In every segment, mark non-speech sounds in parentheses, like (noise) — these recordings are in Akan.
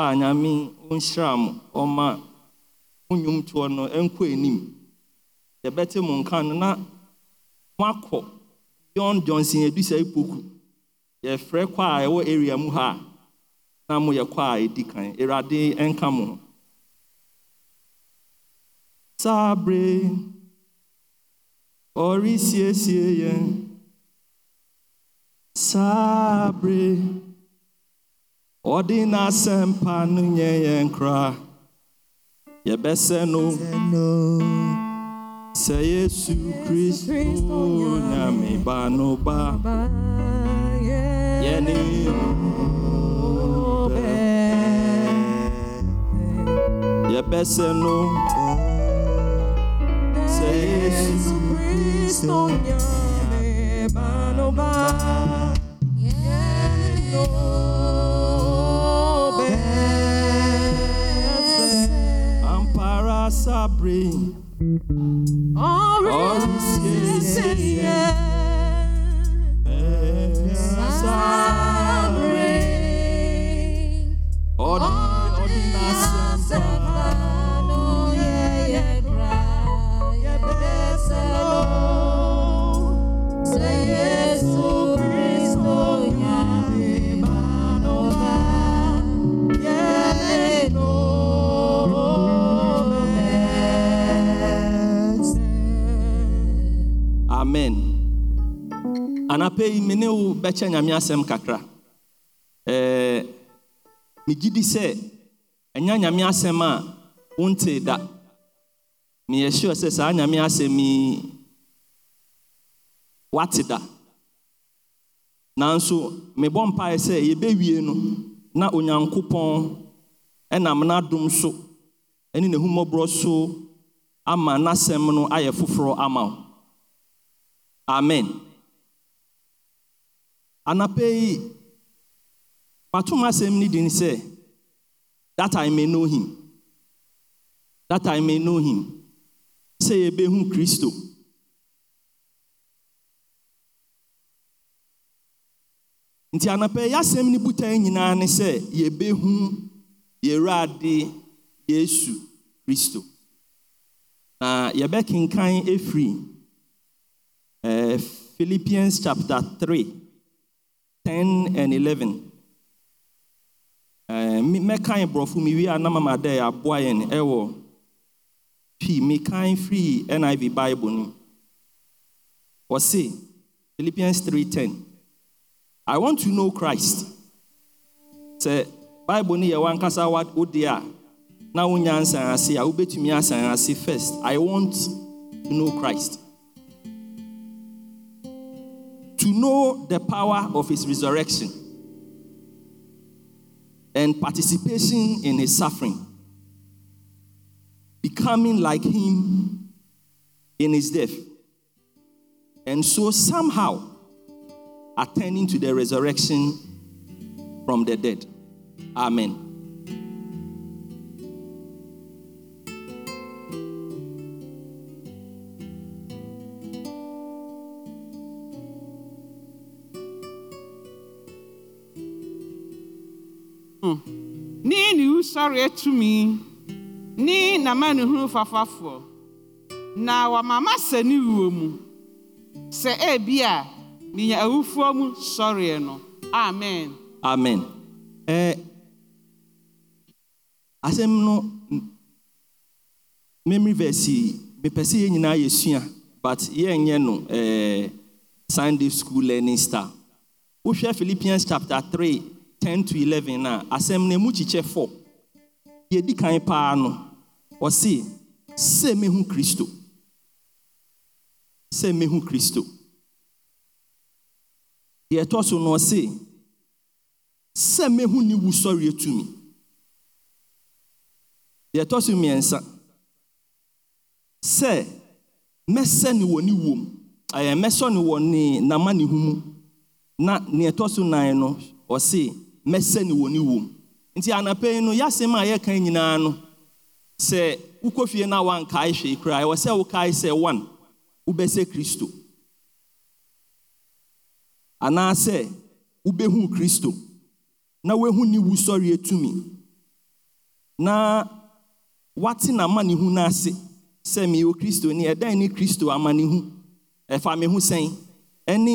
a nyame ɔnhyira mo ɔma mo nnwomtoɔ no ɛnkɔ anim yɛbɛte m nka no na moakɔ john johnson adusa ipoku yɛfrɛ kɔ a ɛwɔ area mu ha a na moyɛ kɔ a ɛdi kan awurade ɛnka mo ho ɔresiesie yɛn saa ɔde n'asɛm pa no nyɛ yɛn kora yɛbɛsɛ no sɛ yesu kristo nyame ba no ba yɛne yɛbɛsɛ no sɛ yesu kristo nyame ba no ba yɛne sabre. Orisesiye. Sabre. Odinasamba. anapa yi me ne wo bɛkyɛ nyame asɛm kakra eh, megye di sɛ ɛnya nyame asɛm a wontee da meyɛ sure sɛ saa nyame asɛm yi wate da nanso mebɔ mpaeɛ sɛ yɛbɛwie no na onyankopɔn ɛnam n'adom so ɛne ne hummɔborɔ so ama n'asɛm no ayɛ foforɔ ama wo amen anapa yi matom asem no din sɛ that i may know him that i may know him sɛ yɛbɛhu kristo nti anapa yi asem no botan nyinaa ne sɛ yɛbɛhu adi yesu kristo na efiri ɛfiri eh, philippians chapter 3 10 and 11. Eh, mɛka borɔfo mewie a na mama dɛ aboa yɛn ɛwɔ eh, pii mekan firi niv bible no wɔse philippians 310 i want to know christ sɛ bible no yɛ wankasa wode a na wonya nsan ase a wobɛtumi asan ase first i want to know christ to know the power of his resurrection and participation in his suffering, becoming like him in his death, and so somehow attending to the resurrection from the dead. Amen. wusɔre atumi ne n'amanehunu fafafoɔ na wɔama masa ne wuo mu sɛ ebi a minya awufoɔ mu sɔreɛ no amen amen eh, asɛm no memory verse mepɛ sɛ yɛn nyinaa yɛsua but yɛnyɛ no eh, sunday school learning style wohwɛ philippians chapter 3 10 to 11 na asɛm no mu kyikyɛ 4 yɛdi kan paa no ɔse sɛ mehu kristo sɛ mehu kristo deɛ ɛtɔ so no ɔse sɛ mehu ne wusɔreɛ tumi deɛ ɛtɔ so mmiɛnsa sɛ mɛsɛ ne wɔ ne wom ɛyɛ mɛsɔ ne wɔ ne nama ne ho mu na neɛ ɛtɔ so nan no ɔse mɛsɛ ne wɔ ne wom nti anapa yi no yɛasɛm a yɛka nyinaa no sɛ wokɔ fie no a woankae hwee koraa ɛwɔ sɛ wokae sɛ one wobɛsɛ kristo anaasɛ wobɛhu kristo na woahu ne wu sɔreɛ tumi na wate n'amanihu no ase sɛ meyɛ kristo ni ɛdan ne kristo amanihu ɛfa me ho sɛn ɛne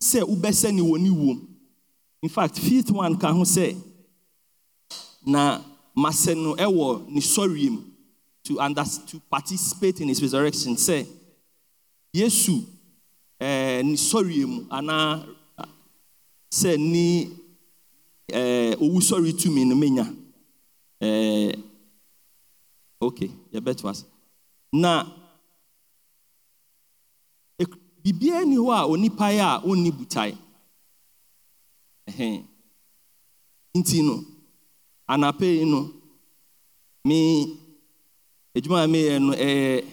sɛ wobɛsɛ ne wɔ ne wuom in fact fifth one ka ho sɛ na mase no ɛwɔ to under to participate in his resurrection Say, yesu ɛɛ eh, ana sɔriem anaa sɛ ne eh, ɛɛ owu eh, no menya okay yɛbɛto ase na bibi ni hɔ a onipa yɛ a onni no. anapei no me adwuma a meyɛ no ɛyɛ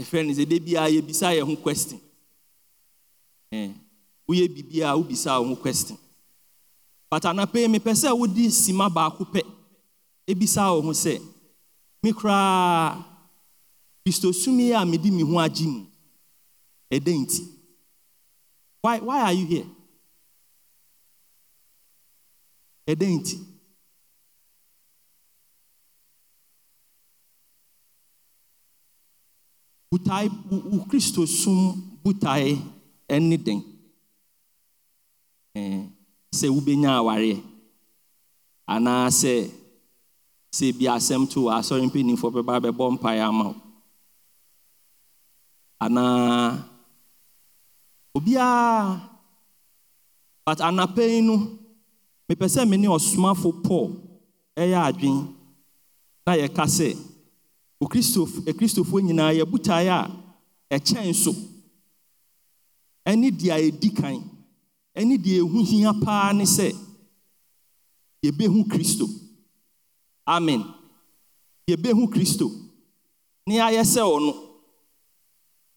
ɛfrɛ no sɛ da biara yɛbisa yɛ ho question woyɛ biribiaa wobisa wo ho question but anapei mepɛ sɛ wode sima baako pɛ ebisa wo ho sɛ me koraa sumi a mede me ho agye mu ɛdɛn nti why, why are you here ɛdɛn nti botae wo kristo sum botae ne den sɛ wobɛnya awareɛ anaa sɛ sɛ bi asɛm to wɔ asɔre mpanimfoɔ bɛba bɛbɔ mpaeɛ ama wo anaa obiara but anapa yi no mepɛ sɛ me ne ɔsomafo paul ɛyɛ adwen na yɛka sɛ akristofoɔ eh, nyinaa yɛbu tae a ɛkyɛn so ɛne deɛ a ɛdi kan ɛne deɛ ɛhu hia paa ne sɛ yɛbɛhu kristo amen yɛbɛhu kristo ne ayɛ sɛ ɔno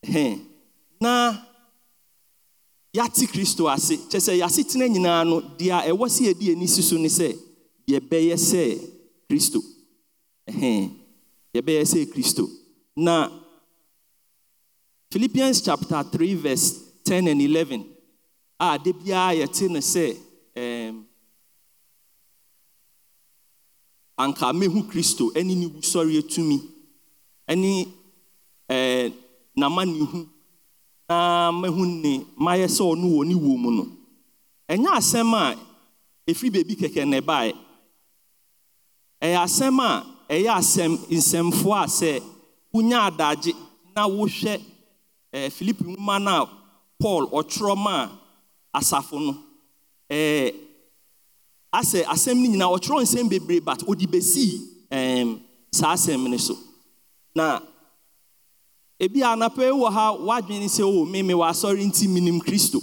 hɛn na yɛate kristo ase kyɛ sɛ yɛasetena nyinaa no deɛ a ɛwɔ sɛ yɛde yɛni si so ne sɛ yɛbɛyɛ sɛ kristo hɛn yɛbɛyɛ sɛ kristo na philippians chapter 3 verse 10 and 11 a da biara yɛte no sɛ anka mehu kristo ɛne ne wusɔreɛ tumi ɛne eh, n'amannehu na mahu ne mayɛ sɛ ɔno wɔ ne wɔ mu no ɛnyɛ asɛm a ɛfiri beebi kɛkɛ na ɛbaeɛ ɛyɛ asɛm a ɛyɛ asɛm nsɛmfoɔ a sɛ wonya adagye na wohwɛ ɛɛ filipi nwoma na paul ɔtwerɛ maa asafo no ɛɛ asɛ asɛm no nyinaa ɔtwerɛ nsɛm bebree but ɔde besii ɛɛm saa asɛm no so na ebi anapa wɔ ha wadwene sɛ o oh, meme wasɔre nti minim kristo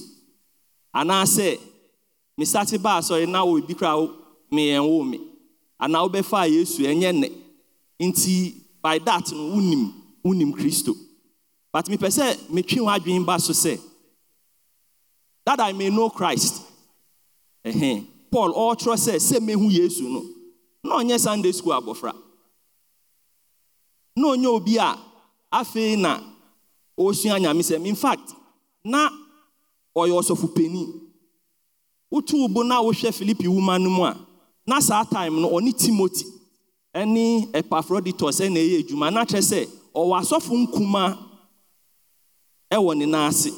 anaasɛ mesate baa asɔre na o ebi koraa meyɛn oh, wo me. Oh, ana wobɛfaa yesu ɛnyɛ nne nti by that no wonim wonim kristo but mepɛ sɛ metwe wɔ adwene ba so sɛ that i may know christ ɛhɛn paul ɔrekyerɛ sɛ sɛ mehu yesu no na ɔnyɛ sunday school abɔfra na ɔnyɛ obi a afei na ɔresua nyame sɛm in fact na ɔyɛ ɔsɔfo panin wotu wo bo na wohwɛ filipi woma no mu a na saa time no ɔne timoti ne epafroditus na ɛyɛ adwuma na kyerɛ sɛ ɔwɔ asɔfo nkuma ɛwɔ ne nan ase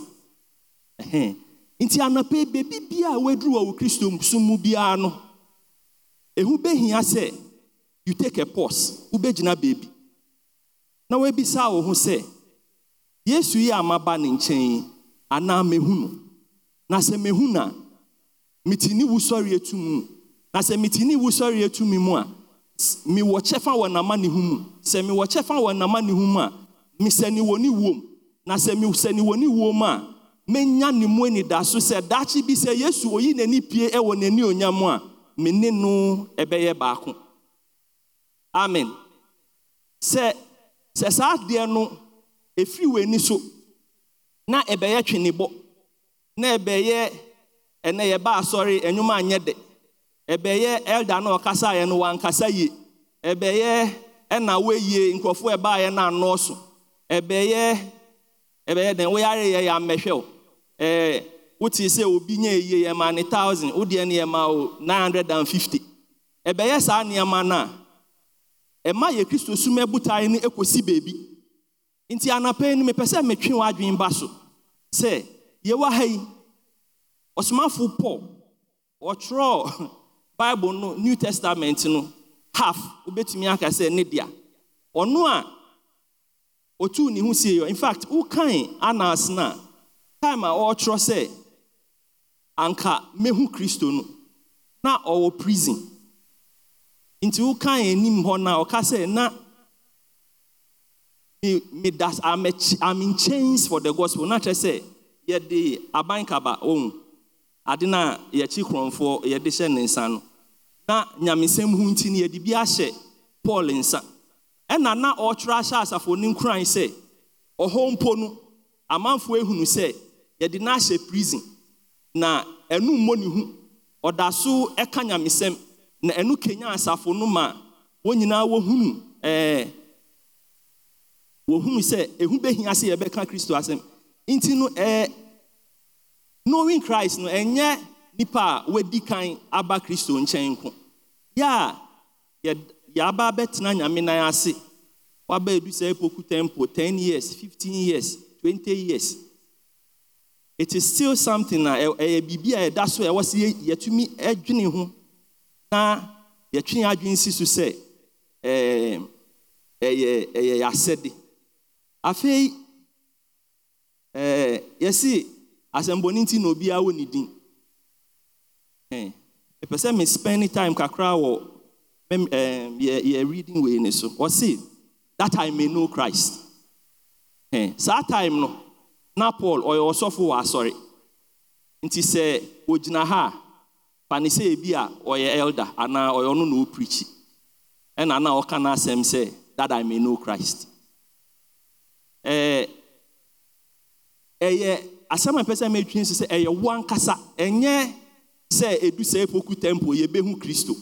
nti anapa beebi bi a waduru wɔ kristo so biara no ehu behia sɛ you take a pause wobɛgyina beebi na wabisa wo ho sɛ yesu yi amaba ne nkyɛn anaa mehu no na sɛ mehu na mete ne wusɔre etu mu na sɛ metini wo sɔreɛ tumi mu a mewɔ kyɛfa wɔ nama ne ho mu sɛ mewɔ kyɛfa wɔ nama ne ho mu a mesɛne wɔ ne wom na sɛ mesɛne wɔ ne wom a menya ne mu anida so sɛ daakye bi sɛ yesu oyi n'ani pie wɔ n'ani onyam a me ne no ɛbɛyɛ baako amen sɛ sɛ saa adeɛ no ɛfiri w'ani so na ɛbɛyɛ twenebɔ na ɛbɛyɛ ɛnɛ yɛba asɔre ɛnwoma anyɛ dɛ ɛbɛyɛ elda na ɔkasaeɛ no wankasa yi ɛbɛyɛ ɛna woyie nkurɔfoɔ ɛbaeɛ no anɔɔso ɛbɛyɛ ɛbɛyɛ dɛn woyareyɛ yɛ ya wo ɛɛ eh, wotee sɛ obi nya yie yɛ ma ne thousand wodeɛ no yɛ ma o nine hundred and fifty ɛbɛyɛ saa nneɛma naa a e ɛma yɛ kristo sum abutae no ɛkɔsi beebi nti anapa yi no mepɛ sɛ metwe ba so sɛ yɛwɔ ha yi ɔsomafoɔ pɔ ɔtwerɛɔ (laughs) bible no new testament no half wobɛtumi aka say ne dea ɔno a ɔtuu ne ho sie yɔ infact wokae anas no a time a ɔrekyerɛ sɛ anka mɛhu kristo no na ɔwɔ prison nti wokae anim hɔ na a ɔka sɛ na medas in chains for the gospel na kyerɛ sɛ yɛde kaba ɔhu ade na a yɛakyi korɔmfoɔ yɛde hyɛ ne nsa no na nyamesɛm ho nti no yɛde bi ahyɛ paul nsa ɛna na ɔretwerɛ ahyɛ asafo ne nkuran sɛ ɔhɔ mpo no amanfoɔ ehunu sɛ yɛde na ahyɛ prison na ɛnu mmɔ ne ho ɔda so ɛka nyamesɛm na ɛnu kenya asafo no ma wɔn nyinaa wɔhunu ɛɛ eh, wɔhunu sɛ ehu behia sɛ yɛbɛka kristo asɛm nti no ɛɛ. Eh, knowing christ no ɛnyɛ nipa a wɔadi kan aba kristo nkyɛn nko yɛ a yɛaba abɛtena nyame nan ase waba edu sɛ epoku temple ten years fifteen years twenty years it is still something na ɛyɛ biribi a ɛda so a ɛwɔ sɛ yɛtumi adwene ho na yɛtwe adwene si so sɛ ɛɛ ɛyɛ ɛyɛ yɛasɛde afei ɛɛ yɛsi. asɛmbɔne nti na obiara wɔ ne din ɛpɛ sɛ me spend time kakra wɔ yɛ reading wei ne so ɔse that i may know christ saa time no na paul ɔyɛ ɔsɔfo wɔ asɔre nti sɛ ogyina ha a fane sɛ ebi a ɔyɛ elder anaa ɔyɛ ɔno na ɔpirikyi ɛna na ɔka no asɛm sɛ that i may know christ ɛyɛ asɛm a mpɛ sɛ mɛtwi nso sɛ ɛyɛ wo ankasa ɛnyɛ sɛ ɛdu sɛ ɛpoku tempo yɛbɛhu kristo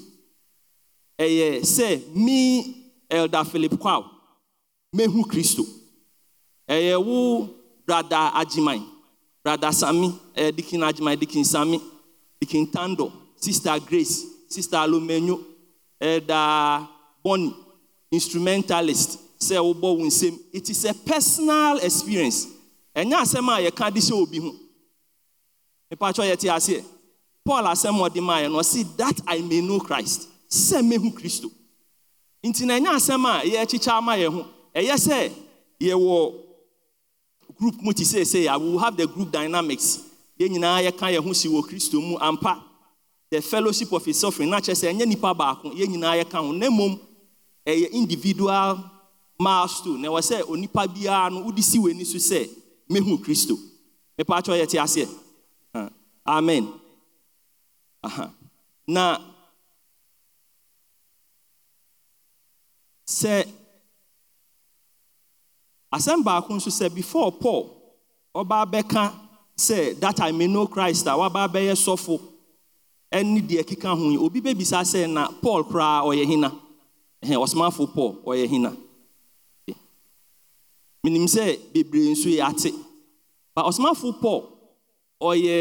ɛyɛ sɛ me elda philip kwaw mehu kristo ɛyɛ wo brada agyeman brada sami ɛyɛ dikin agyeman dikin sami dikin tando sister grace sister alomenyo elda bonnie instrumentalist sɛ wobɔ wo nsɛm it is a personal experience ɛnyɛ asɛm a yɛka de hyɛ obi ho mepatwɛ yɛte aseɛ paul asɛm ɔde maayɛ no ɔse that i may know christ sɛ mehu kristo nti na ɛnyɛ asɛm a yɛakyikyɛ ama yɛn ho ɛyɛ sɛ yɛwɔ group mu te seesei a we have the group dynamics yɛn nyinaa yɛka yɛn ho si wɔ kristo mu ampa the fellowship of his suffering na kyerɛ sɛ ɛnyɛ nipa baako yɛn nyinaa yɛka ho na mmom ɛyɛ individual milestone na ɛwɔ sɛ onipa biara no wode si w'ani so sɛ mehu kristo mepɛ akyɛ yɛte aseɛ amen na sɛ asɛm baako nso sɛ before paul ɔbaa bɛka sɛ that i may know christ a wabaa bɛyɛ sɔfo ɛne deɛ keka ho obi bɛbisa sɛ na paul koraa ɔyɛ hena ɔsomafo paul ɔyɛ hena menim sɛ bebree nso yɛ ate but ɔsomafo paul ɔyɛ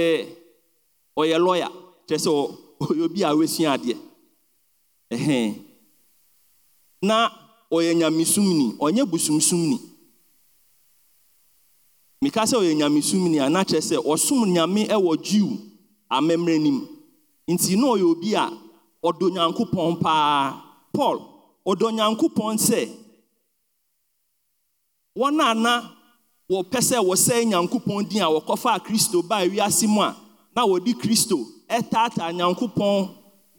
ɔyɛ lawyer kyerɛ sɛ ɔyɛ obi a wasua adeɛ ɛhɛn na ɔyɛ nyamesumni ɔnyɛ busumsumni mika sɛ ɔyɛ nyamesumni a na kyerɛ sɛ ɔsom nyame ɛwɔ jew amemmerɛ nim nti na ɔyɛ obi a ɔdɔ nyankopɔn paa paul ɔdɔ nyankopɔn sɛ wọn ana wɔpɛ sɛ wɔsɛe nyankopɔn din a wɔkɔfaa kristo baa wiase mu a na wɔde kristo ɛtaataa nyankopɔn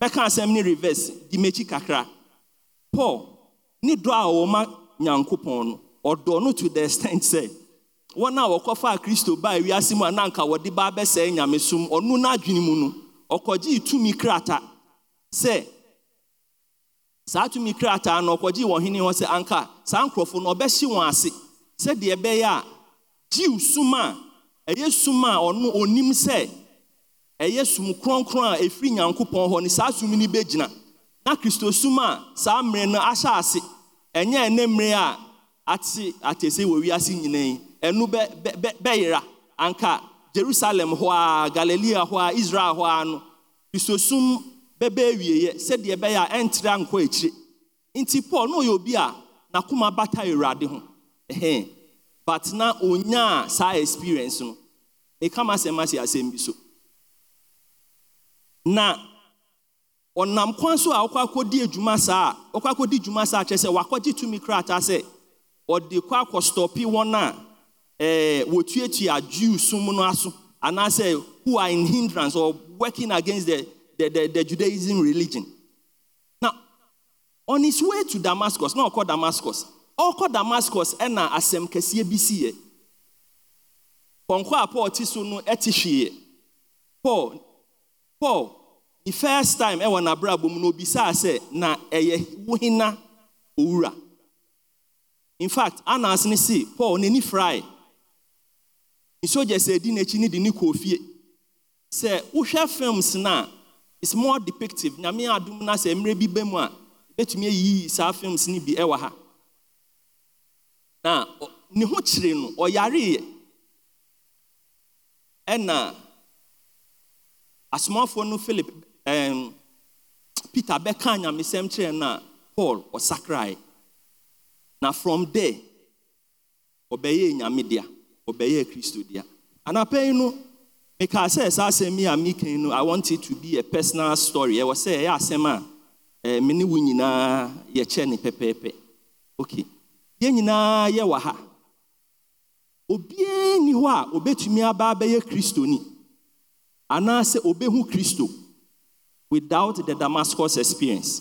bɛka asɛm ne reverse di m'akyi kakra paul ne dɔ a wɔma nyankopɔn no ɔdɔ no to the extent sɛ wɔn a kristo baa wiase mu a na wɔde nyamesom ɔno n'adwene mu no tumi sɛ saa tumi krataa no ɔkɔgye wɔn hene hɔ sɛ anka saa nkurɔfo no ɔbɛhye wɔn ase sɛdeɛ ɛbɛyɛ a gyew sum a ɛyɛ sum a ɔno onim sɛ ɛyɛ sum kronkron a ɛfiri nyankopɔn hɔ ne saa sum no bɛgyina na kristo suma a saa mmerɛ no ahyɛ ase ɛnyɛ ɛnɛ mmerɛ a ate atɛsɛ wɔ wiase nyinaa ɛno bɛ bɛyera anka jerusalem hɔ a galilea hɔ a israel hɔ a no kristo sum bɛbɛ awieeɛ sɛdeɛ ɛbɛyɛ a ɛntrɛ ankɔ akyire nti paul na ɔyɛ obi a n'akoma bata awurade ho ɛhɛn but na onyaa saa experience no mekama asɛm ase asɛm bi so na ɔnam kwan so a ɔkɔ akɔdi adwuma saa a ɔkɔ akɔdi dwuma saa kyerɛ sɛ wakɔgye tumi krataa sɛ ɔde kɔ akɔstɔpi wɔn a ɛɛ wɔtuatua jew sum no aso anaasɛ who are in hindrance or working against the the, the, the Judaism religion. Now, on his way to Damascus, not called Damascus, or called Damascus, and asem kesiye bisiye. Konkwa Paul tisunu etishie. Paul, Paul, the first time ɛwɔ na no obisa sɛ na ɛyɛ wohina owura in fact anas ne si, paul n'ani frae nsogya sɛ edi n'akyi ne de ne kɔɔ fie sɛ films na it's more depictive nyame adom no sɛ mmerɛ bi bɛ mu a betumi ayiyi saa films ni bi ɛwɔ ha na ne ho kyerɛ no ɔyareeɛ na asomafoɔ no philip um, peter bɛka nyamesɛm kyerɛ na paul ɔsakraeɛ na from there ọ nyame dea ɔbɛyɛɛ kristo dea anapɛ yi no meka sɛ saa asɛm yi a mekan no i want it to be a personal story I was ɛyɛ asɛm a ɛɛ me ne wo nyinaa yɛkyɛ ne pɛpɛɛpɛ okay yɛn nyinaa yɛwɔ ha obiara ni hɔ a obetumi aba abɛyɛ kristoni anaasɛ obehu kristo without the damascus experience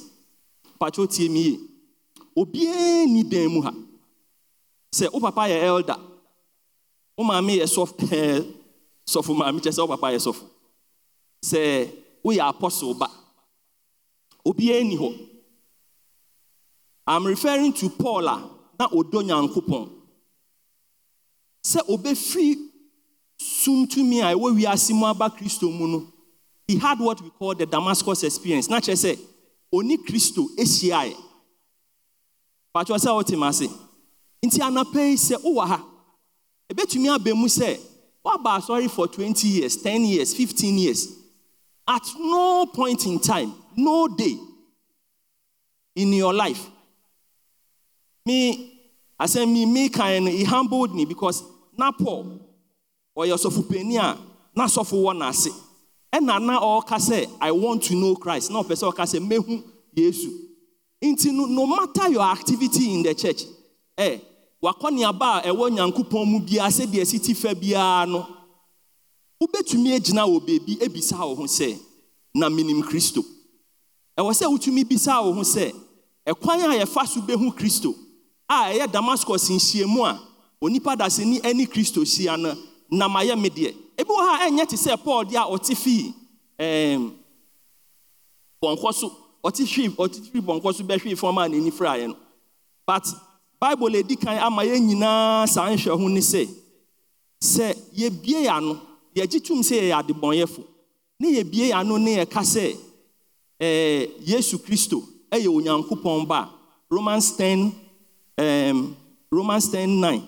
patro tie mi yie obiara ni dan mu ha sɛ wo papa yɛ elder wo maame yɛ sɔf eh, sɔfo maame kyɛ sɛ wo papa yɛ sɔfo sɛ woyɛ apostle ba obiara ni hɔ i'm referring to paul a na ɔdɔ nyankopɔn sɛ obɛfiri sumtumi a ɛwɔ wiase mu aba kristo mu no he had what we call the damascus experience na kyerɛ sɛ oni kristo ahyiaeɛ patwɛ sɛ wotem ase nti anapa yi sɛ wowɔ ha ɛbɛtumi aba mu sɛ what about sorry for 20 years, 10 years, 15 years? At no point in time, no day in your life, me, I say me, me, kind, he humbled me because na Paul or your sofupenia, na sofu one I say. And na or kase I want to know Christ. No person kase, say, mehu, Yesu. no matter your activity in the church, eh, wakɔneaba a ɛwɔ nyankopɔn mu biara sɛdeɛ ɛsi ti fa biara no wobɛtumi agyina wɔ beebi ebisa wo ho sɛ na menim kristo ɛwɔ sɛ wotumi bisa wo ho sɛ ɛkwan a yɛfa so bɛhu kristo a ɛyɛ damascus nhyiamu a onipa dasani ani kristo hyia no na mayɛ me deɛ ebi wɔ ha ɛnyɛ te sɛ paul deɛ a ɔte fii ɛɛm pɔnkɔ so ɔte hwii ɔte hwii pɔnkɔ so bɛhwii fam a n'ani firaeɛ no but bible edi kan ama yɛn nyinaa saa nhwɛ nise sị sɛ sɛ yɛbie yɛ ano yɛgye tum sɛ yɛyɛ adebɔnyɛfo ne yɛbie yɛ ano ne yɛka sɛ ɛɛ eh, yesu kristo ɛyɛ onyankopɔn pọmba romans ten um, romans ten nine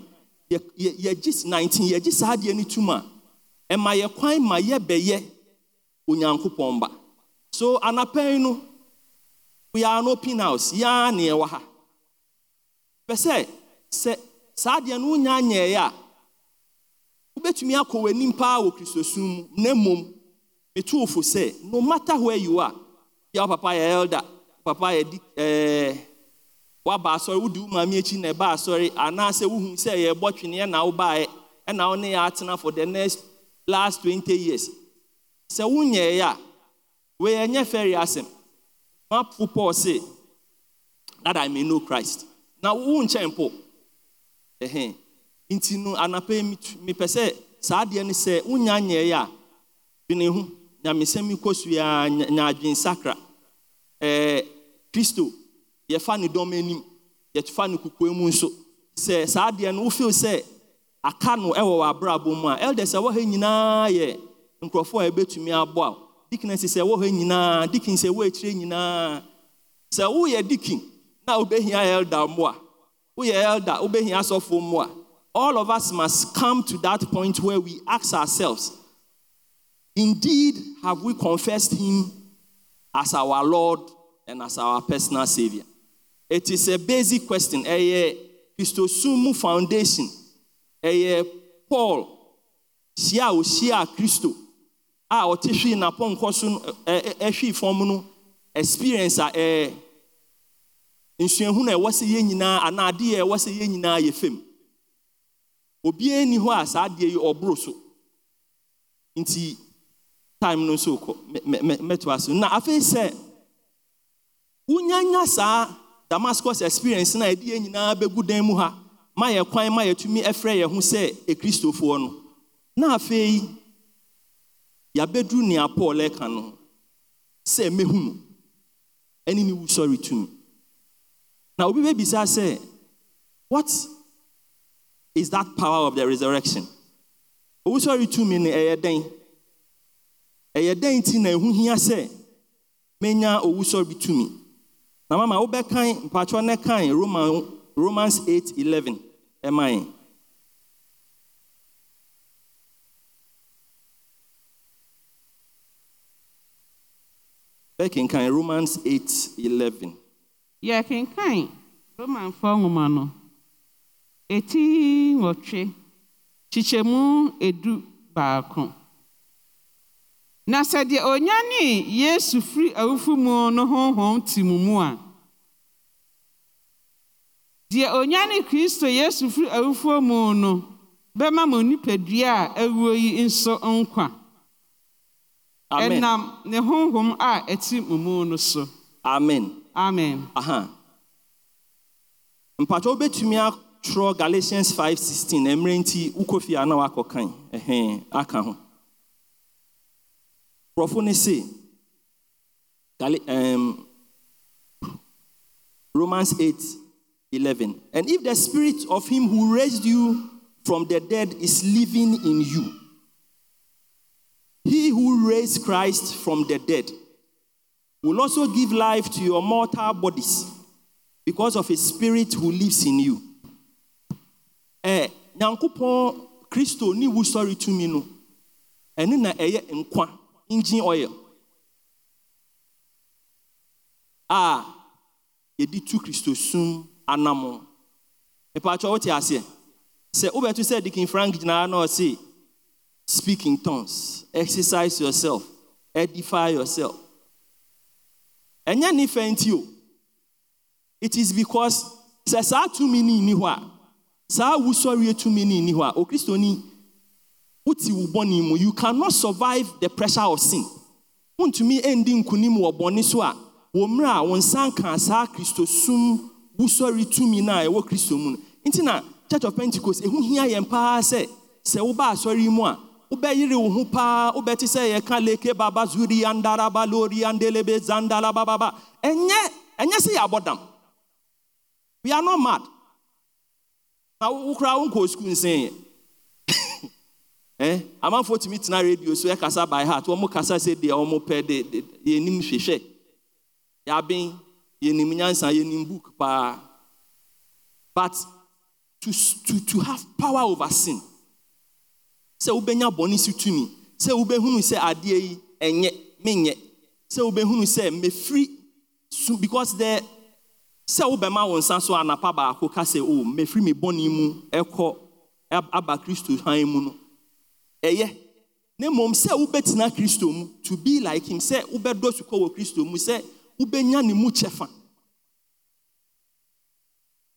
yɛ yɛ yɛgye nineteen yɛgye saa adeɛ ne tum a ɛma yɛ kwan ma yɛbɛyɛ onyankopɔn pọmba so anapɛn no we are an open house yɛn na ya yɛwɔ ha. pɛ sɛ saa deɛ no wonya nyɛeɛ a wobɛtumi akɔ w'anim paa wɔ kristosum mu na mmom metu wo fo sɛ no matter where you are bia wo papa yɛ elder papa yɛ di ɛɛ eh, waba asɔre wodi wo maame akyi na ɛba asɔre anaasɛ wohu sɛ yɛbɔ tweneɛ na wobaeɛ ɛna wo ne yɛ atena for the next last twenty years sɛ wonyɛeɛ a weyɛ nyɛ fɛre asɛm mapo paul se that i may know christ na wonkyɛn mpo ɛhɛn nti no anapa yi mepɛ sɛ saa adeɛ no sɛ wonya nyɛɛ a dwene ho nyamesɛm kɔ so nyaadwen sakra ɛɛ kristo yɛfa ne dɔm anim yɛfa ne kukuo mu nso sɛ saa deɛ no wofeel sɛ aka no ɛwɔ 'abrabɔ mu a elders a wɔha nyinaa yɛ nkurɔfoɔ a ɛbɛtumi aboa dikin sɛ wɔha nyinaa dikin sɛ wɔakyire nyinaa sɛ woyɛ dikin na wobɛhia elder mo a woyɛ elder wobɛhia asɔfo mo a all of us must come to that point where we ask ourselves indeed have we confessed him as our lord and as our personal savior it is a basic question ɛyɛ kristosumu foundation ɛyɛ paul hyia a ohyia kristo a ɔte hwee napɔnkɔ so no experience a nsuahu na ɛwɔ sɛ yɛn nyinaa anaa adeɛ a ɛwɔ sɛ yɛn nyinaa yɛ fam obiara ni hɔ a saa adeɛ yi ɔboro so nti time no nso kɔ mɛtoa so na afei sɛ wonyanya saa damascus experience na a yɛde yɛn nyinaa bɛgu dan mu ha ma yɛ kwan ma yɛ tumi ɛfrɛ yɛn ho sɛ ekristofoɔ no na afei yɛabɛduru nea paul ɛka no sɛ mɛhunu ɛne ne wusɔre tumi Now, we may be say, what is that power of the resurrection? Oh, sorry, two minutes, a day. A day, tina, who here say, Menya, oh, sorry, to me. Now, Mama, obe kind, patrona kind, Roman, Romans 8 11. Am I? Back in kind, Romans 8 11. yɛkenkan romanfo nwoma no eti nwɔtwe kyekyɛmu edu baako na sɛ deɛ onya ne yesu firi awufo mu no honhom te mu mu a deɛ onya ne kristo yesu firi awufo mu no bɛma mo nipadua a awuo yi nso nkwa ɛnam ne honhom a ɛte mu mu no so amen Amen. Aha. Mpacho obetumi atwerɛ Galatians 5:16 mmerɛ nti wokɔ fie a na wakɔkan ɛhɛn aka ho. Nkurɔfo ne se um, Romans 8:11 And if the spirit of him who raised you from the dead is living in you, he who raised Christ from the dead will also give life to your mortal bodies because of a spirit who lives in you. Eh, nyankopɔn kristo ne wu sɔre tumi no ɛne na ɛyɛ nkwa engine oil Ah, yedi tu Christo sum anamo E pa mpatsɛ wote Se sɛ wobɛto sɛ dikin frank gyinaa na ɔse speak in tongues exercise yourself edify yourself ɛnyɛ nifa nti o it is because sɛ saa tumi ni ni hɔ a saa wusɔre tumi ni ni hɔ a okristoni wuti wo bɔnni mu you cannot survive the pressure of sin wuntumi ndi nkunim wɔ bɔnni so a wɔn mmerɛ a wɔn nsa nka saa kristo sum wusɔre tumi na ɛwɔ kristo mu no nti church of pentecost ehu hia yɛn paa sɛ sɛ woba asɔre mu a wobɛyere wo paa wobɛte sɛ yɛka leke baba zuri andaraba lori andelebe zandalaba ɛnyɛ ɛnyɛ sɛ yɛ abɔdam we are not mad (laughs) eh? na wokora wonkɔɔ sukuu nsɛeɛ amanfoɔ tumi tena radio so ɛkasa by heart wɔn kasa sɛ deɛ wɔn pɛ de yɛnim hwehwɛ yɛaben yɛnim nyansa yɛnim book paa but to to to have power over sin sɛ wobɛnya bɔne so tumi sɛ wobɛhunu sɛ adeɛ yi ɛnyɛ menyɛ sɛ wobɛhunu sɛ mɛfiri so because the sɛ wobɛma wo nsa so anapa baako ka sɛ o oh, mɛfiri me bɔne mu ɛkɔ aba kristo han mu no ɛyɛ na mmom sɛ wobɛtena kristo mu to be like him sɛ wobɛdɔ sukɔ wɔ kristo mu sɛ wobɛnya ne mu kyɛfa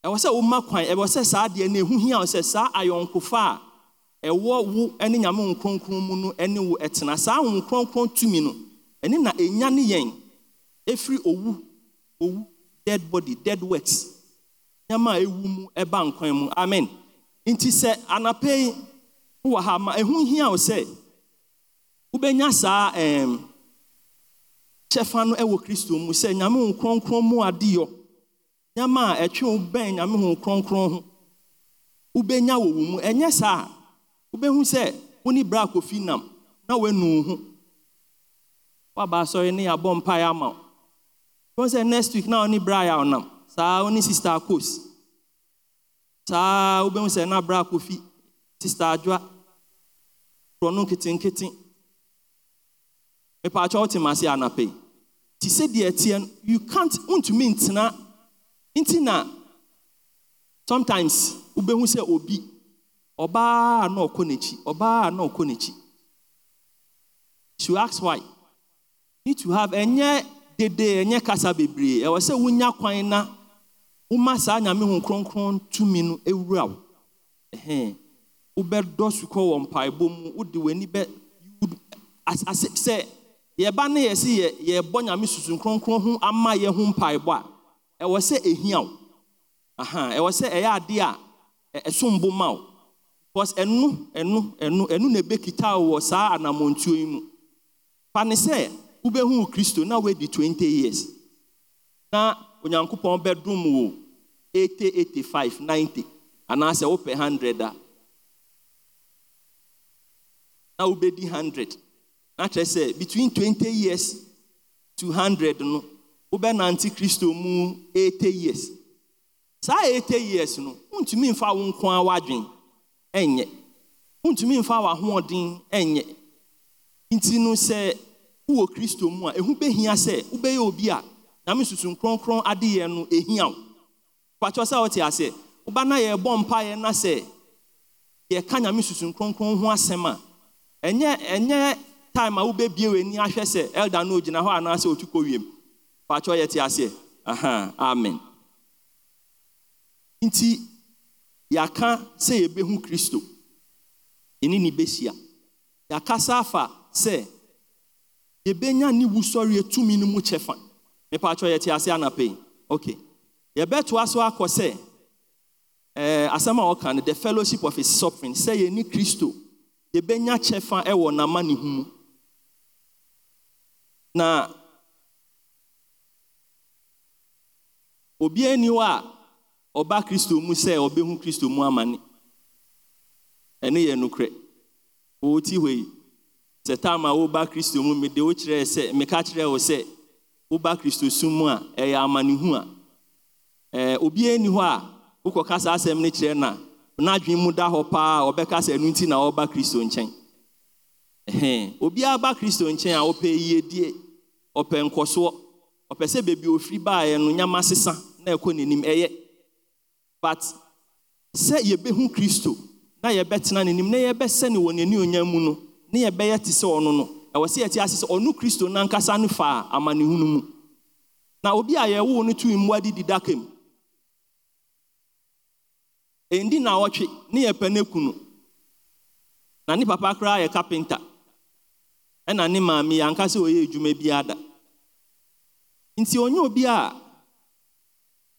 ɛwɔ sɛ woma kwan ɛwɔ sɛ saa deɛ no ɛho hia wo sɛ saa ayɔnkofa a ɛwɔ wo ɛne nyame nkronkron mu no ne wo ɛtena saa wo nkronkron tumi no ɛne na ɛnya ne yɛn ɛfiri owu owu dead body dead wet nyama a ɛwu mu ɛba nkwan mu amen nti sɛ anapa yi wowɔ ha ma ɛho hia wo sɛ wobɛnya saa ɛɛm kyɛfa no ɛwɔ kristo mu sɛ nyame ho kronkron mu adeyɔ nneɛma a ɛtwe wo bɛn nyame ho kronkron ho wobɛnya wɔ wo mu ɛnyɛ saa wobɛhu sɛ wo ne bra akɔfi nam na woanu wo ho woaba asɔre ne yɛabɔ mpaeɛ ama wo sɛ next week na wo ne bra yɛ nam. saa wo ne sister akos saa wobɛhu sɛ na bra akɔfi sister adwoa korɔ no nketenkete mepaakyɛ wote ma ase anapa nti sɛdeɛ ɛteɛ no you can't wontumi ntena nti na sometimes wobɛhu sɛ obi Ọbaa a nọ ọkọ n'ekyi Ọbaa a nọ ọkọ n'ekyi to ask why. Need to have ɛnyɛ dede ɛnyɛ kasa bebree. Ɛwɔ sɛ wonya kwan na woma saa nyame ho kronkron tumi no ewura wo. Ɛhɛn. Wobɛdɔ sukɔ wɔ mpaebɔ mu. Wode w'ani bɛ as as sɛ yɛba ne yɛsi yɛ yɛbɔ nyame susu kronkron ho ama yɛ ho mpaebɔ a ɛwɔ sɛ ehia wo. Aha ɛwɔ sɛ ɛyɛ adeɛ a ɛsom e, e bo ma wo. because enu enu enu ɛno na ebe kita wɔ saa anamontuo yi mu pane ube wobɛhu kristo na woadi 20 years na onyankopɔn bɛdom wo 80 885 90 anaasɛ ope 100 a na ube wobɛdi 100 na kyerɛ sɛ between 20 years to 100 no wobɛnante kristo mu 8 years saa 80 years no wontumi mfa wo nko a ɛnyɛ wontumi mfa w'ahoɔden ɛnyɛ nti no sɛ wowɔ kristo mu a ɛho bɛhia sɛ wobɛyɛ obi a nyame susu nkronkron adeyɛ no ɛhia wo sɛ ase woba na yɛbɔ mpaeɛ na sɛ yɛka nyame susu nkronkron ho asɛm a ɛnyɛ ɛnyɛ a ahwɛ sɛ elda no hɔ anaasɛ kɔ wiem amen yɛaka sɛ yɛbɛhu kristo ɛne ne bɛhyia yɛakasa afa sɛ yɛbɛnya ne wusɔreɛ tumi no mu kyɛfa mepaakyɛ yɛte ase anapɛi ok yɛbɛtoa so akɔ sɛ eh, asɛm a wɔka no the fellowship of his suffering sɛ yɛni kristo yɛbɛnya kyɛfa ɛwɔ n'ama na ho mu na obiara ni hɔ a ọba kristo mu sɛ ɔbɛhu kristo mu amane ɛne yɛ nokorɛ wɔwɔti hɔ yi sɛ tam a woba kristo mu mede wo kyerɛɛ sɛ meka kyerɛɛ wo sɛ woba kristo sum mu a ɛyɛ amanehu a obiara ni hɔ a wokɔka kasa asɛm no kyerɛ na n'adwene mu da hɔ paa ɔbɛka kasa ɛno nti na ɔba kristo nkyɛn obiara ba kristo nkyɛn a ɔpɛ yiedie ɔpɛ nkɔsoɔ ɔpɛ sɛ beebi ofiri baeɛ no nyama sesa na ɛkɔ n'anim ɛyɛ but sɛ yɛbɛhu kristo na yɛbɛtena n'anim na yɛbɛsɛ no wɔ n'ani onyam mu no na yɛbɛyɛ te sɛ ɔno no ɛwɔ sɛ yɛte ase sɛ ɔno kristo nankasa no faa amanehunu mu na obi a yɛwoo no too mmoa didi daka mu ɛndi na ɔtwe ne yɛpɛ no aku no na ne papa koraa yɛ kapenta ɛna ne maame yɛanka sɛ ɔyɛ adwuma biara da nti ɔnyɛ obi a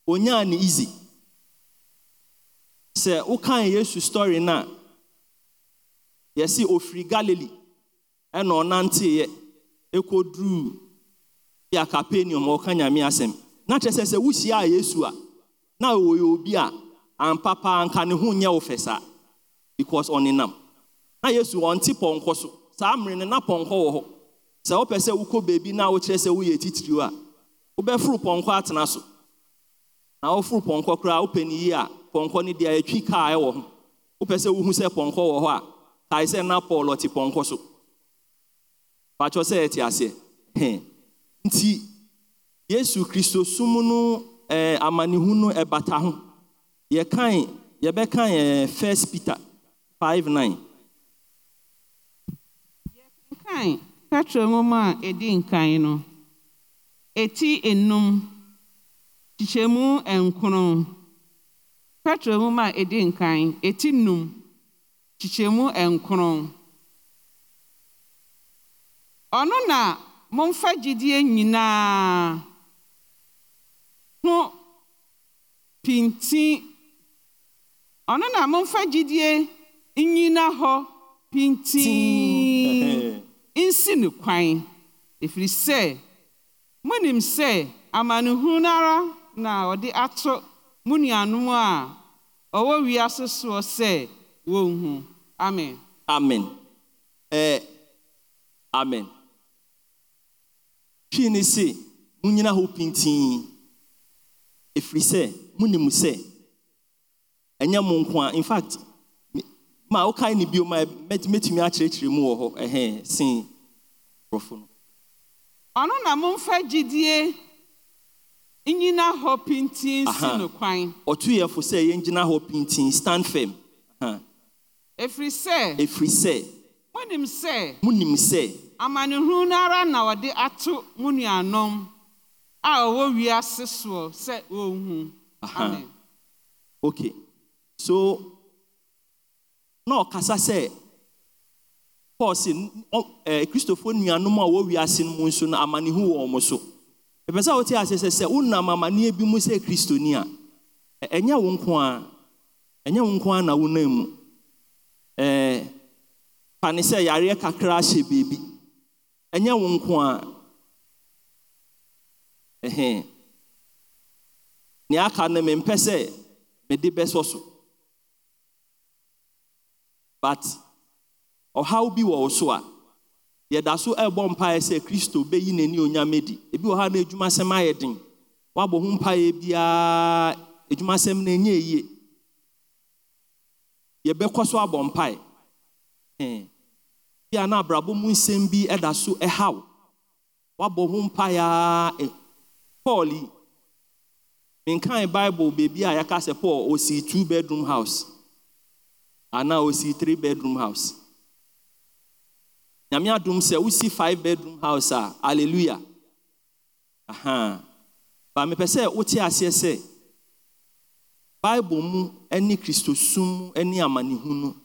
ɔnyaa ne easy sɛ wokan yesu story no a yɛse ɔfiri galilee ɛna ɔnanteeɛ ɛkɔduruu a capernaum ɔka nyame asɛm na kyerɛ sɛ sɛ wohyia a yesu a na ɔyɛ obi a ampa paa nka ne ho nyɛ wo fɛ saa because ɔnenam na yesu ɔnte pɔnkɔ so saa mmere no na pɔnkɔ wɔ hɔ sɛ wopɛ sɛ wokɔ baabi na wokyerɛ sɛ woyɛ titiriw a wobɛforo pɔnkɔ atena so na woforo pɔnkɔ koraa wopɛ ne yie a pɔnkɔ no deɛ yɛtwi kaa wɔ ho wopɛ sɛ wohu sɛ pɔnkɔ wɔ hɔ a kae sɛ na paul ɔte pɔnkɔ so pakyɛ sɛ yɛte aseɛ he nti yesu kristo sum no eh, amanehu no ɛbata ho yɛkan yɛbɛkan eh, first peter 5 9 yɛkenkan petro nwoma a ɛdi nkan no ɛti enum kyekyɛmu nkron petro nwoma a ɛdi nkan eti num kyikyɛmu nkron ɔno na momfa enyi na ho pinti ɔno na momfa enyi nyina hɔ pintii (laughs) nsi ne m ɛfiri amanu monim n'ara amanehunu no ara na ɔde ato mo a ɔwɔ wiase soɔ sɛ wɔnhu amen amen eh, amen hwii ne se monyina hɔ pintii ɛfiri sɛ monim sɛ ɛnyɛ mo nko a ma wokae ne ma mɛtumi akyerɛkyerɛ mu wɔ hɔ ɛhɛn sen nkurɔfo no ɔno na nyina hɔ pintin si no kwan ɔtoyɛfo sɛ yɛngyina hɔ pintin stand firm efiri sɛ ɛfiri sɛ monim sɛ monim sɛ amanehunu no ara na ɔde ato mo nuanom a ɔwɔ wiase soɔ sɛ ɔnhu ok so na ɔkasa sɛ paul se kristofoɔ nuanom a wɔwɔ wiase no mu nso na amanehu wɔ ɔmo so ɛpɛ sɛ wote ase sɛ sɛ wonam amanneɛ bi mu sɛ kristoni a ɛnyɛ wo nko a ɛnyɛ wo nko a na wonam mu pane sɛ yareɛ kakra ahyɛ beebi ɛnyɛ wo nko a ɛhe nea aka no mempɛ sɛ mede bɛsɔ so but ɔhaw bi wɔ wo so a yɛda so ɛbɔ mpaeɛ sɛ kristo bɛyi n'ani onyame di ebi wɔ ha na adwumasɛm ayɛ den wabɔ ho mpaeɛ biara adwumasɛm no ɛnyɛ yie yɛbɛkɔ so abɔ mpaeɛ bia na abrabɔ mu nsɛm bi ɛda so ɛhaw wabɔ ho mpaeɛ paul yi nkan bible beebi a sɛ paul osi two bedroom house anaa osi three bedroom house nyame adum sɛ wosi five bedroom house a alleluia aha ba mepɛ sɛ wote aseɛ sɛ bible mu ne kristosum mu ne amanehu no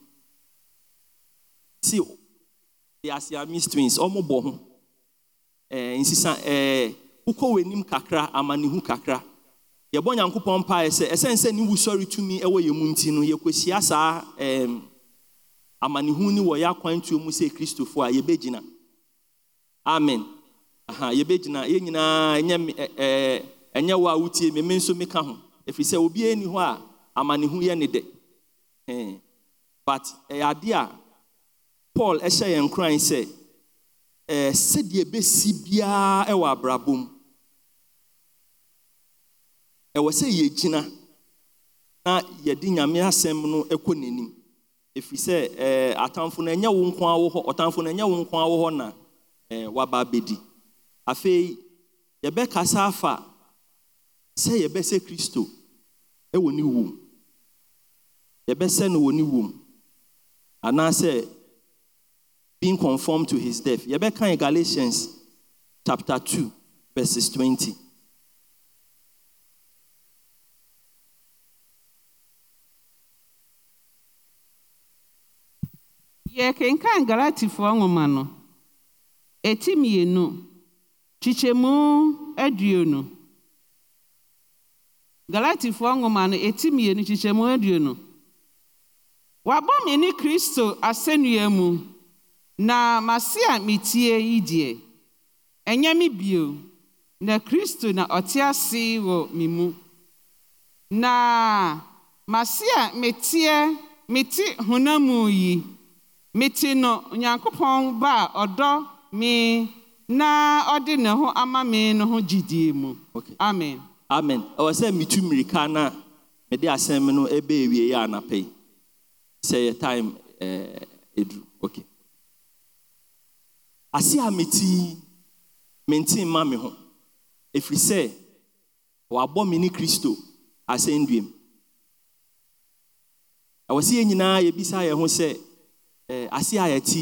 si the asiamis twins ɔmo bɔ ho ɛɛ nsisa ɛɛ wokɔ wɔ kakra amanehu kakra yɛbɔ nyankopɔn paeɛ sɛ ɛsɛn sɛ ne wusɔre tumi wɔ yɛn mu nti no yɛkɔhyia saa amanehunu ne wɔ yɛ akwantuo mu sɛ kristofoɔ a yɛbɛgyina amen aha yɛbɛgyina yɛn nyinaa ɛnyɛ ɛɛ ɛnyɛ wo a wotie me me nso meka ho efi sɛ obi ni hɔ a amanehu yɛ ne dɛ ɛn but ɛyɛ adi a paul ɛhyɛ yɛn koran sɛ ɛɛ sɛdeɛ ebesi biara ɛwɔ abrabɔ mu ɛwɔ sɛ yɛgyina na yɛde nyame asɛm no ɛkɔ n'anim. If ɛfiri sɛ ɛɛ atamfo na ɛnyɛ wo nko awo hɔ ɔtamfo na ɛnyɛ wo nko awo hɔ na ɛɛ eh, waba abɛdi afei yɛbɛkasa afa sɛ yɛbɛsɛ kristo ɛwɔ ne be say no wɔ ne wom say being conformed to his death yɛbɛka yɛ galatians chapter two verses twenty. Yɛkenkan Galatifoɔ nwoma no, eti mmienu, kyekyɛmu aduonu. Galatifoɔ nwoma no, eti mmienu, kyekyɛmu aduonu. Wabɔ me ne Kristo asɛnnua mu, na mase a metie yi deɛ, ɛnyɛ bio, na Kristo na ɔte ase wɔ me mu. Na mase a meteɛ mete honam mu yi, meti no onyankopɔn ba a ɔdɔ mi na ɔde ne ho ama me no ho gyidie mu amen amen ɛwɔ sɛ metu mmirika no a mede asɛm no ɛbɛ ya yɛ anapa yi sɛ yɛ time ɛduru okay ase a meti menti mma me ho ɛfiri sɛ wɔabɔ me ne kristo asɛnduam ɛwɔ sɛ yɛn nyinaa yɛbisa yɛn ho sɛ Eh, ase a yɛte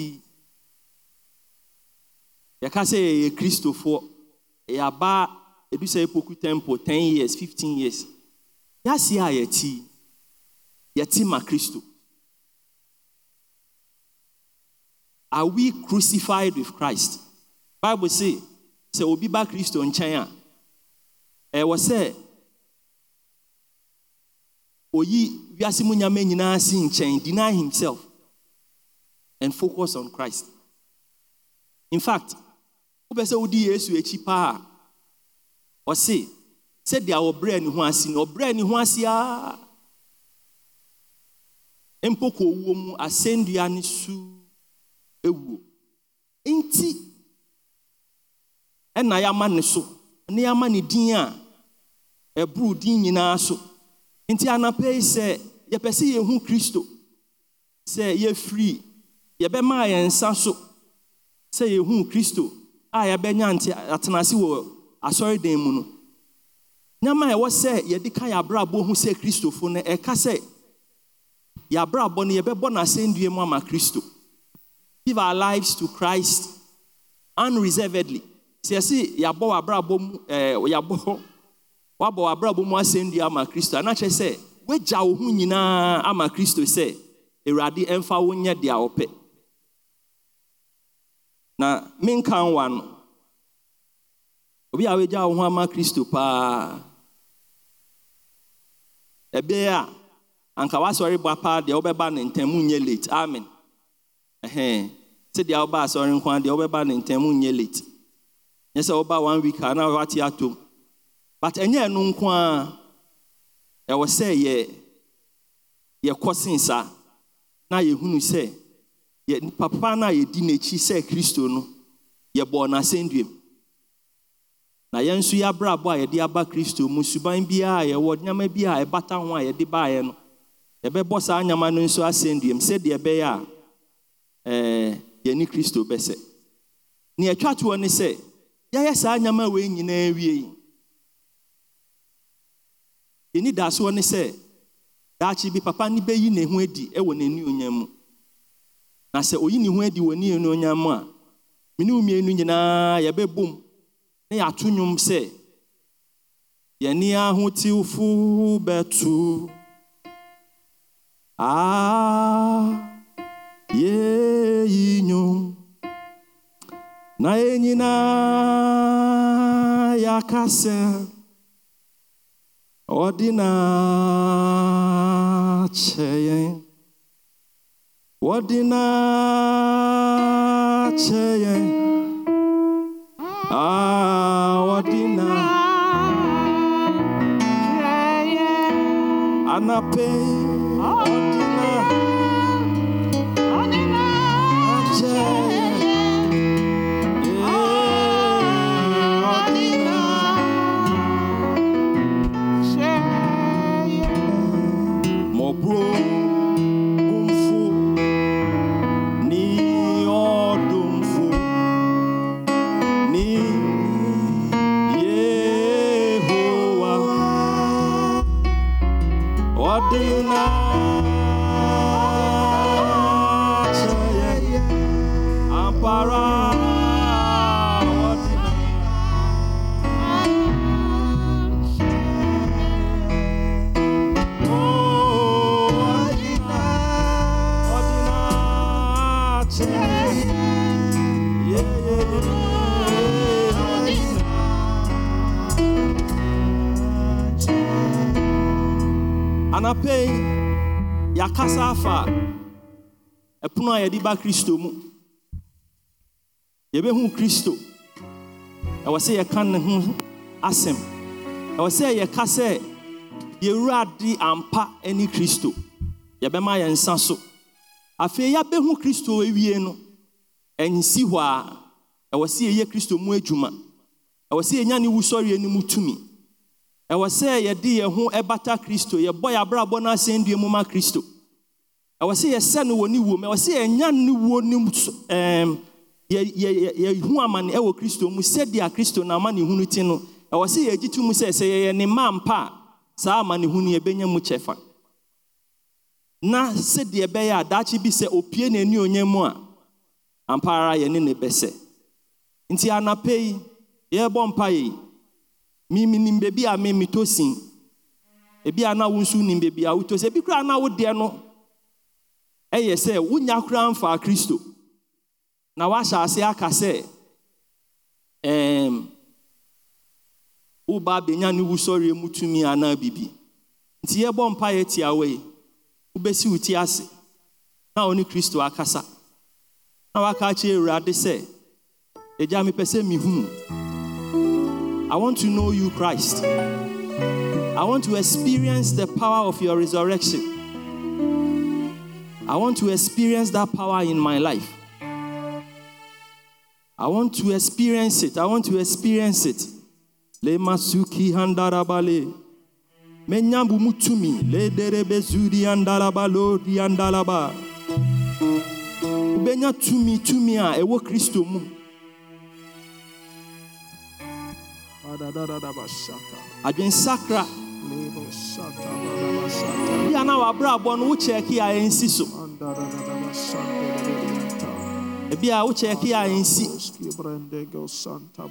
yɛka sɛ yɛyɛ kristofoɔ yɛ aba edu sɛ epoku tempo ten years fifteen years yɛase a yɛte yɛte ma kristo are we crucified with christ bible say sɛ obi ba kristo nkyɛn a ɛwɔ sɛ oyi wiase mu nyama nyinaa si nkyɛn deny himself and focus on Christ. In fact, wobɛ sɛ wodi yesu akyi paa ɔse sɛdeɛ ɔbrɛ ne ho ase no ɔbrɛ ne ho ase aa mpo kɔ owuo mu asɛnnua ne su ewuo nti ɛna yɛama ne so ne yɛama ne din a ɛboro din nyinaa so nti anapa yi sɛ yɛpɛ sɛ yɛhu kristo sɛ yɛfiri yɛbɛmaa yɛn nsa so sɛ yɛhuu kristo a yɛbɛnya nte atenase wɔ asɔredan mu no a ɛwɔ sɛ yɛde ka yɛabrabɔ ho sɛ kristofo no ɛka sɛ yɛabrabɔ no yɛbɛbɔ n'asɛndue mu ama kristo give our lives to christ unreservedly sɛ yɛse yɛabɔ w'abrabɔ mu ɛɛ eh, yɛabɔ wabɔ w'abrabɔ mu asɛndue ama kristo anakyerɛ sɛ wagya wo ho nyinaa ama kristo sɛ awurade ɛmfa wo nyɛ deɛ ɔpɛ na menka nwa no obi a wagya wo ho ama kristo paa ebe a anka wasɔre ba paa deɛ wobɛba ne ntam nyɛ late amen ɛhɛn sɛdeɛ woba asɔre nko a deɛ wobɛba ne ntam nyɛ late nye sɛ woba one week a na wate atom but ɛnyɛ ɛno nko a ɛwɔ sɛ yɛ yɛkɔ sen saa na yɛhunu sɛ papa no yɛdi n'akyi sɛ kristo no yɛbɔɔ n'asɛnduam na yɛn nso yɛabrabɔ a yɛde aba kristo mu suban biara a yɛwɔ nneɛma bi a ɛbata ho a yɛde baeɛ no yɛbɛbɔ saa nneɛma no nso asɛnduam sɛdeɛ ɛbɛyɛ a ɛɛ yɛne kristo bɛsɛ nea ɛtwa toɔ ne sɛ yɛayɛ saa nneɛma wei nyinaa wie yɛni daasoɔ ne sɛ daakye bi papa no bɛyi ne ho adi ɛwɔ n'ani onyam mu na sɛ oyi ne ho adi wɔ ne yɛn mu a me ne mmienu nyinaa yɛbɛbom na yɛato nnwom sɛ yɛne ahotiwfo bɛto a yɛyi nnwom na yɛn nyinaa yɛaka sɛ ɔde na kyɛ yɛn Wadina cheye. Ah, wadina. cheye, Anape. Wadina. anapɛ yi yɛakasa afa ɛpono a yɛde ba kristo mu yɛbɛhu kristo ɛwɔ sɛ yɛka ne ho asɛm ɛwɔ sɛ yɛka sɛ yɛwurade ampa ne kristo yɛbɛma yɛn nsa so afei yɛabɛhu kristo awie no ɛnsi hɔ a ɛwɔ sɛ yɛyɛ kristo mu adwuma ɛwɔ sɛ yɛnya ne wusɔreɛ no mu tumi ɛwɔ sɛ yɛde yɛn ho ɛbata kristo yɛbɔ yɛ no asɛndua mu ma kristo ɛwɔ sɛ yɛsɛ no wɔ ne wuo ɛwɔ sɛ yɛnya ne wuo no ɛɛm yɛ yɛ yɛ hu amane ɛwɔ kristo mu sɛdeɛ kristo na no amanehunu ti no ɛwɔ sɛ yɛagye to mu sɛ sɛ yɛ yɛ ne ma mpa saa a saa amanehunu yɛbɛnya mu fa na sɛdeɛ bɛyɛ a daakye bi sɛ opue n'ani onya mu a ampa ara yɛne ne bɛsɛ nti anapa yi yɛrebɔ mpa yi mimi nim beebi a mimi to si ebi a na wo nso nim beebi a wo ebi koraa na wo deɛ no ɛyɛ sɛ wonya koraa nfa kristo. na wahyɛ ase akase uba ɛɛm woba abɛnya ne wusɔre mu tumi anaa bibi nti yɛbɔ mpa yɛ tia wei ase na oni ne kristo akasa na waka rade se sɛ agya mepɛ sɛ i want to know you christ i want to experience the power of your resurrection i want to experience that power in my life I want to experience it. I want to experience it. Le masuki handarabale. Menyambu mutumi. Le derebe zuri andaraba lo di andalaba. Ubenya tumi tumi a ewo Kristo mu. Adwensakra. Bia na wabrabɔ no wo kyɛɛke a ɛnsi so. ebi a wokyɛɛke a nsi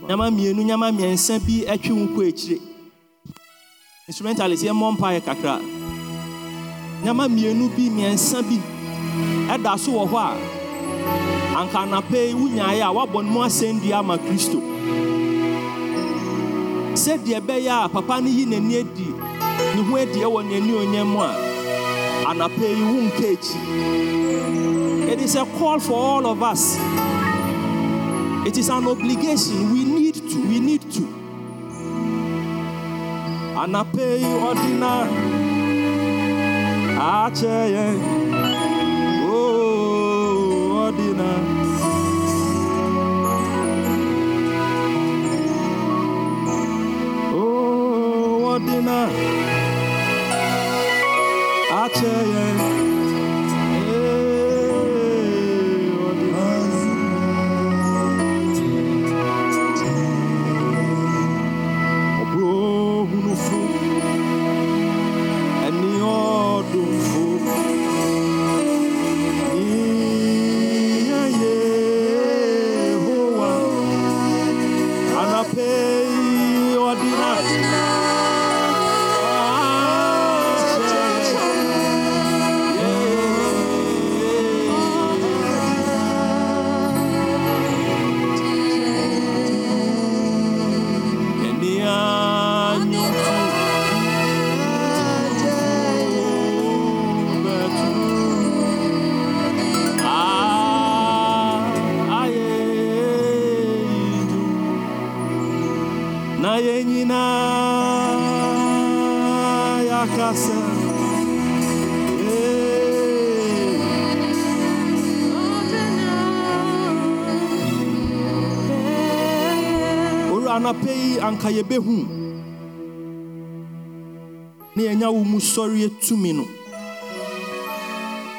nyama mmienu nyama mmiɛnsa bi atwi wo kɔ akyire instrumentalist yɛmmɔ mpaeɛ kakra nyama mmienu bi mmiɛnsa bi ɛda so wɔ hɔ a anka anapɛ yi wonyaeɛ a woabɔ no mu asɛndua ama kristo sɛdeɛ ɛbɛyɛ a papa no yi n'ani adi ne ho adiɛ wɔ n'ani onyam mu a and anapɛ yi wompɛ akyi it is a call for all of us it is an obligation we need to we need to And I pay na akyɛ yɛn oh ɔde na. Oh, dinner yeah, anka yɛbɛhu na yɛnya wo mu sɔreɛ tumi no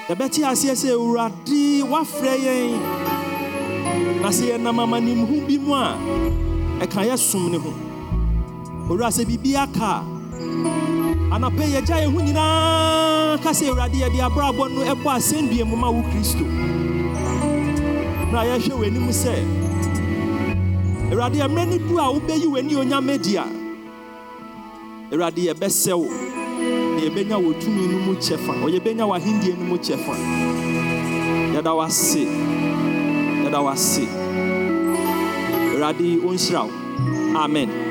yɛbɛte aseɛ sɛ awurade woafrɛ yɛn na sɛ yɛnam amanimhu bi mu a ɛka yɛsom ne ho owura sɛ biribiara ka a anapɛ yɛgya yɛn ho nyinaa ka sɛ awurade yɛde abrabɔ no ɛbɔ asɛnnua mu ma wo kristo na yɛhwɛ w'anim sɛ awurade mmerɛ no du a wobɛyi w'ani onyame di a awurade yɛbɛsɛ wo na yɛbɛnya wɔ tumi no mu kyɛfa ɔ yɛbɛnya w'ahendeɛ no mu kyɛfa yɛda wase yɛda wase awurade ɔnhyira wo amen